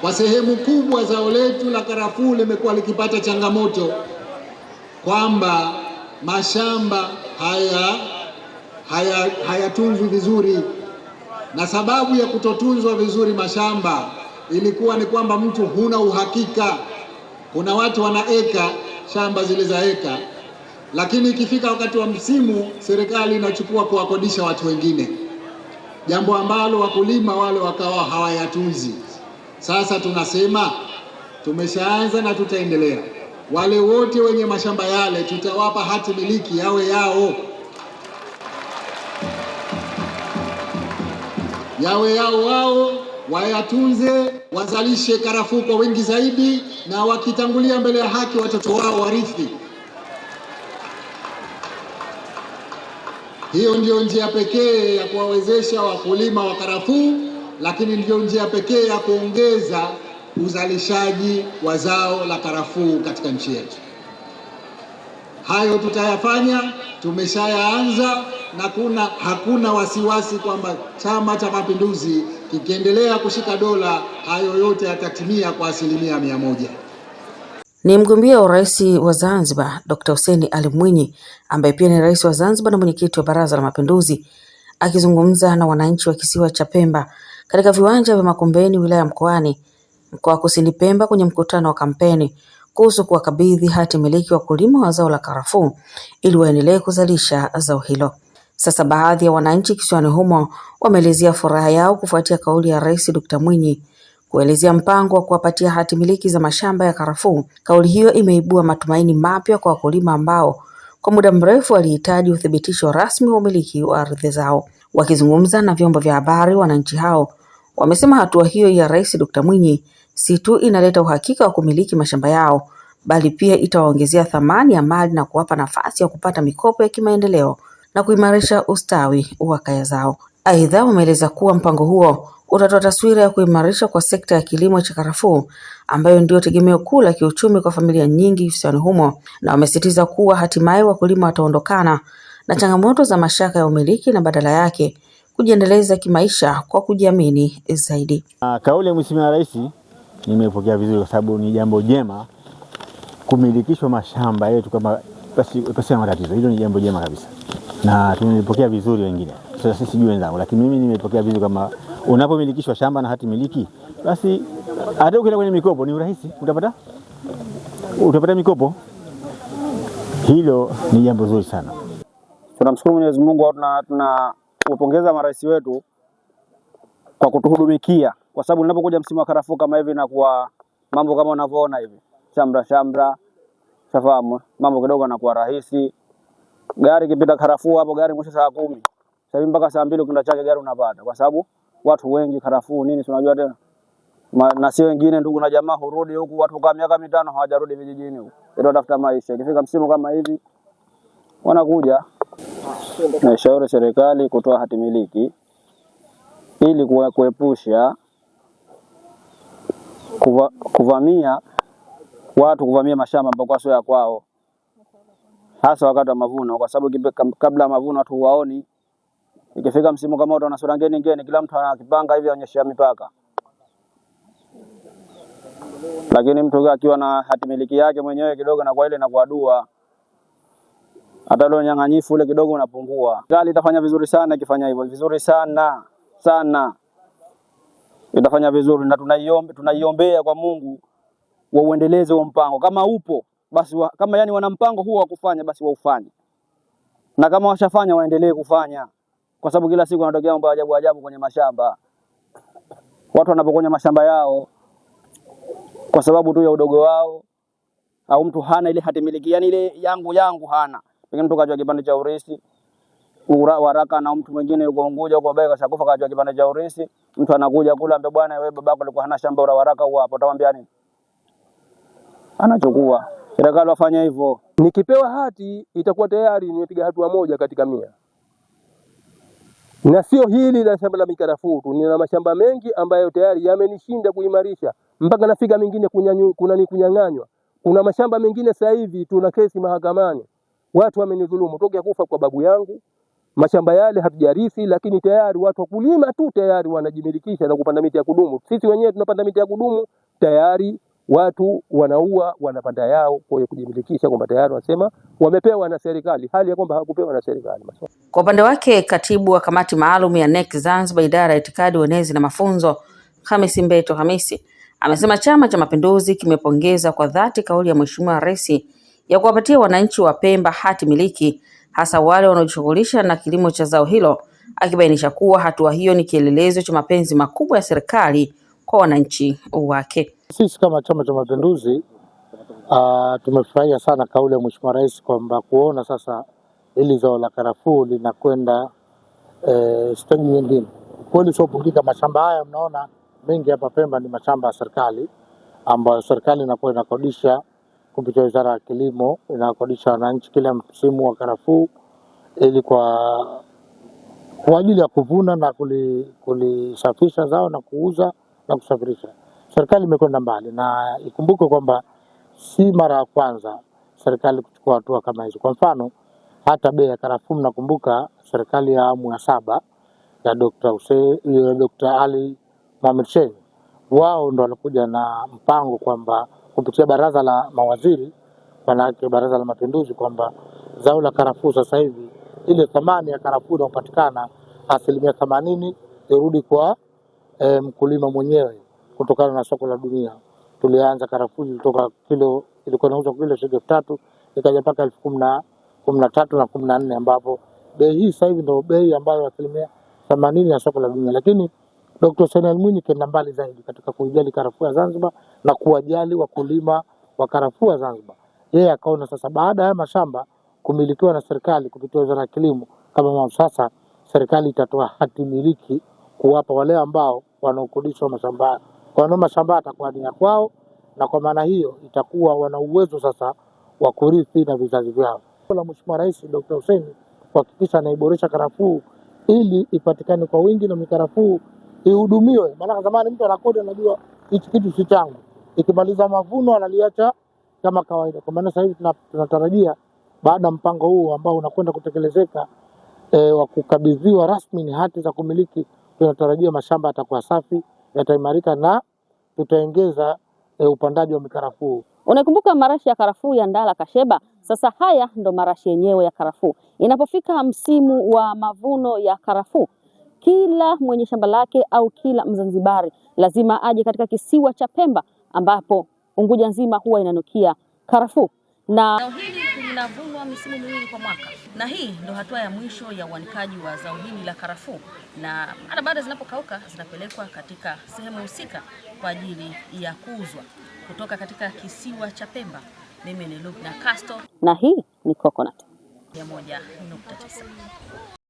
Kwa sehemu kubwa zao letu la karafuu limekuwa likipata changamoto kwamba mashamba haya hayatunzwi haya vizuri, na sababu ya kutotunzwa vizuri mashamba ilikuwa ni kwamba mtu huna uhakika. Kuna watu wanaeka shamba zile za eka, lakini ikifika wakati wa msimu serikali inachukua kuwakodisha watu wengine, jambo ambalo wakulima wale wakawa hawayatunzi. Sasa tunasema tumeshaanza na tutaendelea. Wale wote wenye mashamba yale tutawapa hati miliki yawe yao, yawe yao wao, wayatunze, wazalishe karafuu kwa wingi zaidi, na wakitangulia mbele ya haki watoto wao warithi. Hiyo ndiyo njia pekee ya kuwawezesha wakulima wa karafuu lakini ndiyo njia pekee ya kuongeza uzalishaji wa zao la karafuu katika nchi yetu. Hayo tutayafanya, tumeshayaanza na kuna hakuna wasiwasi kwamba Chama cha Mapinduzi kikiendelea kushika dola, hayo yote yatatimia kwa asilimia mia moja. Ni mgombea wa rais wa Zanzibar Dr. Hussein Ali Mwinyi ambaye pia ni rais wa Zanzibar na mwenyekiti wa Baraza la Mapinduzi akizungumza na wananchi wa kisiwa cha Pemba katika viwanja vya Makumbeni wilaya ya Mkoani mkoa wa Kusini Pemba kwenye mkutano wa kampeni kuhusu kuwakabidhi hati miliki wakulima wa zao la karafuu ili waendelee kuzalisha zao hilo. Sasa baadhi ya wananchi kisiwani humo wameelezea furaha yao kufuatia kauli ya Rais Dr. Mwinyi kuelezea mpango wa kuwapatia hati miliki za mashamba ya karafuu. Kauli hiyo imeibua matumaini mapya kwa wakulima ambao kwa muda mrefu walihitaji uthibitisho rasmi wa umiliki wa ardhi zao. Wakizungumza na vyombo vya habari, wananchi hao Wamesema hatua hiyo ya Rais Dr. Mwinyi si tu inaleta uhakika wa kumiliki mashamba yao, bali pia itawaongezea thamani ya mali na kuwapa nafasi ya kupata mikopo ya kimaendeleo na kuimarisha ustawi wa kaya zao. Aidha, wameeleza kuwa mpango huo utatoa taswira ya kuimarisha kwa sekta ya kilimo cha karafuu ambayo ndio tegemeo kuu la kiuchumi kwa familia nyingi visiwani humo, na wamesisitiza kuwa hatimaye wakulima wataondokana na changamoto za mashaka ya umiliki na badala yake kujiendeleza kimaisha kwa kujiamini zaidi. Kauli ya Mheshimiwa Rais nimeipokea vizuri, kwa sababu ni jambo jema kumilikishwa mashamba yetu kama pasiwe matatizo. Hilo ni jambo jema kabisa na tumepokea vizuri wengine. Sasa sijui wenzangu, lakini mimi nimepokea vizuri kama unapomilikishwa shamba na hati miliki, basi hata ukienda kwenye mikopo ni urahisi, utapata utapata mikopo. Hilo ni jambo zuri sana. Tunamshukuru Mwenyezi Mungu, tuna kuwapongeza marais wetu kwa kutuhudumikia, kwa sababu ninapokuja msimu wa karafuu kama hivi na nakuwa mambo kama unavyoona hivi shamra shamra, safamu mambo kidogo na yanakuwa rahisi. Gari kipita karafuu hapo, gari mwisho saa kumi sasa hivi mpaka saa mbili ukienda chake gari unapata, kwa sababu watu wengi karafuu nini, tunajua tena na si wengine ndugu na jamaa hurudi huku, watu kwa miaka mitano hawajarudi vijijini huku, ndio tafuta maisha. Ikifika msimu kama hivi wanakuja Naishauri serikali kutoa hati miliki ili kuepusha kuva, kuvamia watu kuvamia mashamba ambayo sio ya kwao, hasa wakati wa mavuno, kwa sababu kabla ya mavuno watu huwaoni. Ikifika msimu kama watu wanasura ngeni ngeni, kila mtu anakipanga hivi aonyeshea mipaka. Lakini mtu akiwa na hatimiliki yake mwenyewe kidogo, na kwa ile na kwa dua hata leo unyang'anyifu ule kidogo unapungua. Serikali itafanya vizuri sana ikifanya hivyo, vizuri sana sana, itafanya vizuri na tunaiombe, tunaiombea kwa Mungu wa uendeleze wa mpango kama upo basi wa, kama yani wana mpango huo wa kufanya basi waufanye, na kama washafanya waendelee kufanya, kwa sababu kila siku wanatokea mambo ajabu ajabu kwenye mashamba, watu wanapokonya mashamba yao kwa sababu tu ya udogo wao, au mtu hana ile hatimiliki, yani ile yangu yangu hana lakini mtu kajua kipande cha urisi waraka na mtu mwingine yuko Unguja huko Bae kashakufa, kajua kipande cha urisi. Mtu anakuja kula ambe, bwana wewe, babako alikuwa hana shamba, ura waraka huo hapo, utamwambia nini? Anachukua serikali, wafanya hivyo. Nikipewa hati itakuwa tayari nimepiga hatua moja katika mia, na sio hili la shamba la mikarafuu tu. Nina mashamba mengi ambayo tayari yamenishinda kuimarisha mpaka nafika mengine kunyanyu, kunani kunyang'anywa. Kuna mashamba mengine sasa hivi tuna kesi mahakamani watu wamenidhulumu tokea kufa kwa babu yangu, mashamba yale hatujarithi, lakini tayari watu wakulima tu tayari wanajimilikisha na kupanda miti ya kudumu. Sisi wenyewe tunapanda miti ya kudumu tayari, watu wanaua wanapanda yao kwa kujimilikisha, kwamba tayari wanasema wamepewa na serikali, hali ya kwamba hawakupewa na serikali. Kwa upande wake, katibu wa kamati maalum ya NEC Zanzibar, idara ya itikadi, wenezi na mafunzo, Hamisi Mbeto Hamisi amesema Chama cha Mapinduzi kimepongeza kwa dhati kauli ya Mheshimiwa Rais ya kuwapatia wananchi wa Pemba hati miliki hasa wale wanaojishughulisha na kilimo cha zao hilo, akibainisha kuwa hatua hiyo ni kielelezo cha mapenzi makubwa ya serikali kwa wananchi wake. Sisi kama Chama cha Mapinduzi uh, tumefurahia sana kauli ya Mheshimiwa Rais kwamba kuona sasa hili zao la karafuu linakwenda eh, stendi nyingine. Kweli usiopungika, mashamba haya mnaona mengi hapa Pemba ni mashamba ya serikali ambayo serikali inakuwa inakodisha kupitia Wizara ya Kilimo inakodisha wananchi kila msimu wa karafuu ili kwa kwa ajili ya kuvuna na kulisafisha kuli zao na kuuza na kusafirisha. Serikali imekwenda mbali, na ikumbuke kwamba si mara ya kwanza serikali kuchukua hatua kama hizo. Kwa mfano hata bei ya karafuu, mnakumbuka serikali ya awamu ya saba ya Dr. Hussein, ya Dr. Ali Mohamed Shein, wao ndo walikuja na mpango kwamba kupitia baraza la mawaziri, maanake baraza la mapinduzi, kwamba zao la karafuu sasa hivi ile thamani ya karafuu inayopatikana asilimia themanini irudi kwa e, mkulima mwenyewe kutokana na soko la dunia. Tulianza karafuu ilitoka kilo, ilikuwa inauzwa kilo shilingi elfu tatu ikaja mpaka elfu kumi na tatu na kumi na nne ambapo bei hii sasa hivi ndio bei ambayo asilimia themanini ya soko la dunia, lakini Dkt. Hussein Mwinyi kenda mbali zaidi katika kuijali karafuu ya Zanzibar na kuwajali wakulima wa karafuu ya Zanzibar. Yeye akaona sasa baada ya mashamba kumilikiwa na serikali kupitia Wizara ya Kilimo, kama mao sasa serikali itatoa hati miliki kuwapa wale ambao wanaokodishwa mashamba. Kwa hiyo mashamba atakuwa ni ya kwao, na kwa maana hiyo itakuwa wana uwezo sasa wa kurithi na vizazi vyao. La Mheshimiwa Rais Dkt. Hussein kuhakikisha anaiboresha karafuu ili ipatikane kwa wingi na mikarafuu ihudumiwe. Maanake zamani mtu anakodi, anajua hichi kitu si changu, ikimaliza mavuno analiacha kama kawaida. Kwa maana sahivi tunatarajia baada ya mpango huu ambao unakwenda kutekelezeka e, wa kukabidhiwa rasmi ni hati za kumiliki, tunatarajia mashamba yatakuwa safi, yataimarika na tutaongeza e, upandaji wa mikarafuu. Unakumbuka marashi ya karafuu ya Ndala Kasheba? Sasa haya ndo marashi yenyewe ya karafuu. Inapofika msimu wa mavuno ya karafuu, kila mwenye shamba lake au kila Mzanzibari lazima aje katika kisiwa cha Pemba ambapo Unguja nzima huwa inanukia karafuu na zao hili linavunwa misimu miwili kwa mwaka, na hii ndo hatua ya mwisho ya uanikaji wa zao hili la karafuu, na mara baada zinapokauka zinapelekwa katika sehemu husika kwa ajili ya kuuzwa. Kutoka katika kisiwa cha Pemba, mimi ni Lubna Castro na hii ni Coconut 101.9.